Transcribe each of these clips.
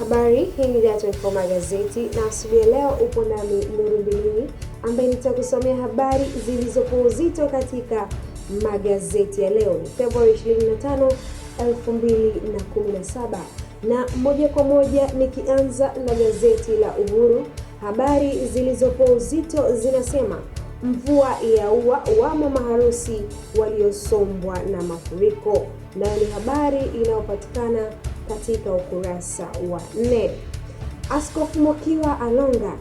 Habari hii ni Dar24 Magazeti, na asubuhi leo upo nami Nuru Bilini ambaye nitakusomea habari zilizopo uzito katika magazeti ya leo, ni Februari 25, 2017 na moja kwa moja nikianza na gazeti la Uhuru, habari zilizopo uzito zinasema mvua ya ua wamo maharusi waliosombwa na mafuriko, nayo ni habari inayopatikana katika ukurasa wa nne. Askofu Mokiwa alonga,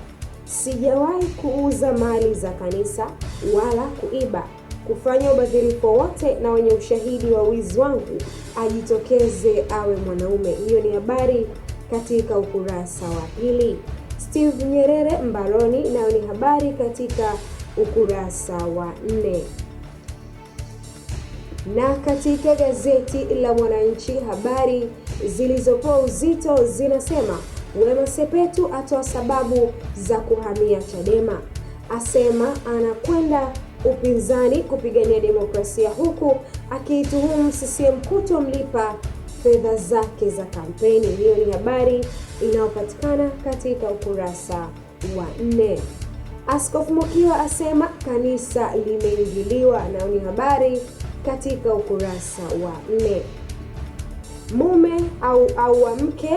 sijawahi kuuza mali za kanisa wala kuiba, kufanya ubadhirifu wowote, na wenye ushahidi wa wizi wangu ajitokeze awe mwanaume. Hiyo ni habari katika ukurasa wa pili. Steve Nyerere mbaroni, nayo ni habari katika ukurasa wa nne. Na katika gazeti la Mwananchi habari zilizopoa uzito zinasema Wema Sepetu atoa sababu za kuhamia Chadema, asema anakwenda upinzani kupigania demokrasia, huku akiituhumu CCM kutomlipa fedha zake za kampeni. Hiyo ni habari inayopatikana katika ukurasa wa nne. Askofu Mokiwa asema kanisa limeingiliwa, nao ni habari katika ukurasa wa nne. Mume au au wa mke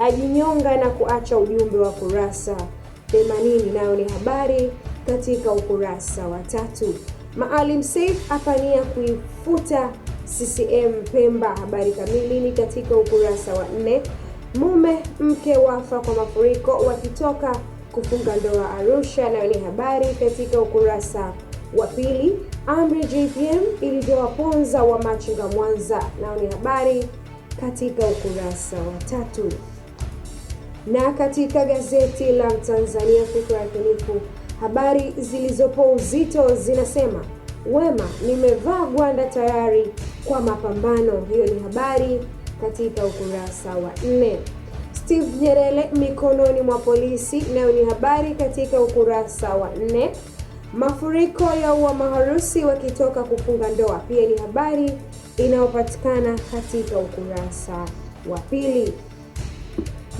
ajinyonga na kuacha ujumbe wa kurasa 80, nayo ni habari katika ukurasa wa tatu. Maalim Seif afania kuifuta CCM Pemba, habari kamili ni katika ukurasa wa nne. Mume mke wafa kwa mafuriko wakitoka kufunga ndoa Arusha, nayo ni habari katika ukurasa wa pili. Amri JPM ilivyowaponza wa machinga Mwanza, nayo ni habari katika ukurasa wa tatu. Na katika gazeti la Mtanzania Fikra Yakinifu, habari zilizopo uzito zinasema Wema, nimevaa gwanda tayari kwa mapambano. Hiyo ni habari katika ukurasa wa nne. Steve Nyerere mikononi mwa polisi, nayo ni habari katika ukurasa wa nne. Mafuriko ya uwa maharusi wakitoka kufunga ndoa, pia ni habari inayopatikana katika ukurasa wa pili.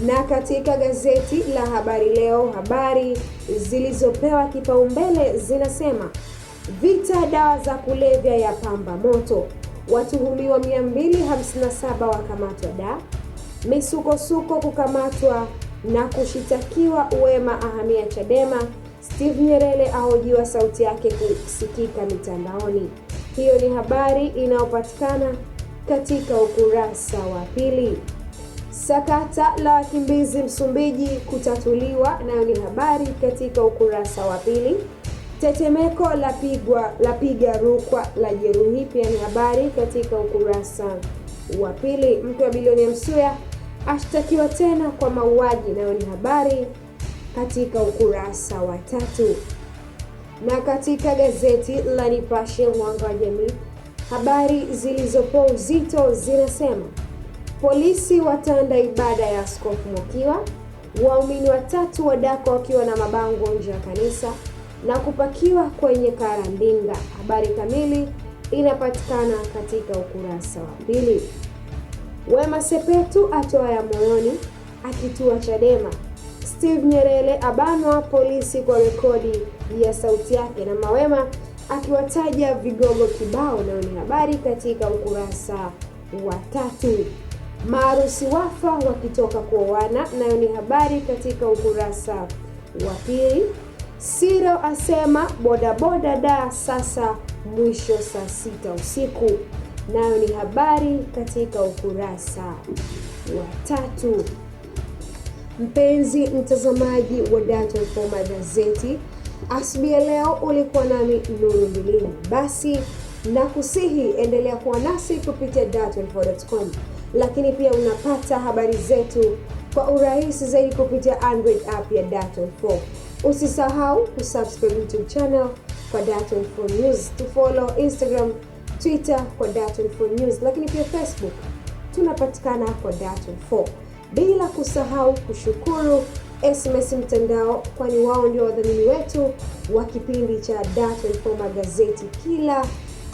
Na katika gazeti la Habari Leo, habari zilizopewa kipaumbele zinasema vita dawa za kulevya ya pamba moto, watuhumiwa 257 wakamatwa da misukosuko kukamatwa na kushitakiwa, Uwema ahamia Chadema Steve Nyerere ahojiwa sauti yake kusikika mitandaoni. Hiyo ni habari inayopatikana katika ukurasa wa pili. Sakata la wakimbizi Msumbiji kutatuliwa, nayo ni habari katika ukurasa wa pili. Tetemeko la pigwa la piga Rukwa la jeruhi, pia ni habari katika ukurasa wa pili. Mke wa bilionea Msuya ashtakiwa tena kwa mauaji, nayo ni habari katika ukurasa wa tatu. Na katika gazeti la Nipashe mwanga wa jamii, habari zilizopo uzito zinasema polisi watanda ibada ya askofu Mokiwa, waumini watatu wadako wakiwa na mabango nje ya kanisa na kupakiwa kwenye karandinga. Habari kamili inapatikana katika ukurasa wa pili. Wema Sepetu atoa ya moyoni akitua Chadema Steve Nyerere abanwa polisi kwa rekodi ya sauti yake, na Mawema akiwataja vigogo kibao, nayo ni habari katika ukurasa wa tatu. Maarusi wafa wakitoka kuoana, nayo ni habari katika ukurasa wa pili. Siro asema bodaboda da sasa mwisho saa sita usiku, nayo ni habari katika ukurasa wa tatu. Mpenzi mtazamaji wa Dar24 magazeti asubuhi ya leo ulikuwa nami Nuru Mbilini. Basi nakusihi endelea kuwa nasi kupitia Dar24.com, lakini pia unapata habari zetu kwa urahisi zaidi kupitia Android app ya Dar24. Usisahau kusubscribe YouTube channel kwa Dar24 News, tufollow Instagram, Twitter kwa Dar24 News, lakini pia Facebook tunapatikana kwa Dar24 bila kusahau kushukuru SMS Mtandao, kwani wao ndio wadhamini wetu wa kipindi cha Dar24 Magazeti. Kila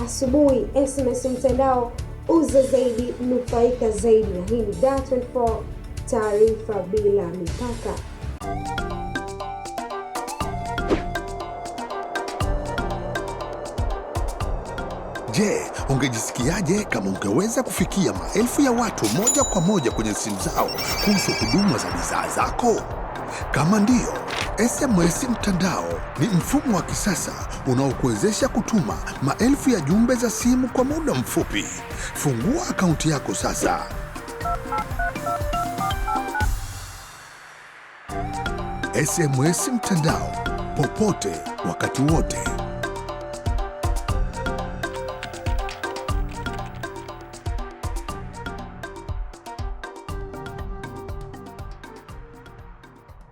asubuhi SMS Mtandao, uza zaidi, nufaika zaidi. Na hii ni Dar24, taarifa bila mipaka. Je, ungejisikiaje kama ungeweza kufikia maelfu ya watu moja kwa moja kwenye simu zao kuhusu huduma za bidhaa zako? Kama ndiyo, SMS Mtandao ni mfumo wa kisasa unaokuwezesha kutuma maelfu ya jumbe za simu kwa muda mfupi. Fungua akaunti yako sasa. SMS Mtandao, popote wakati wote.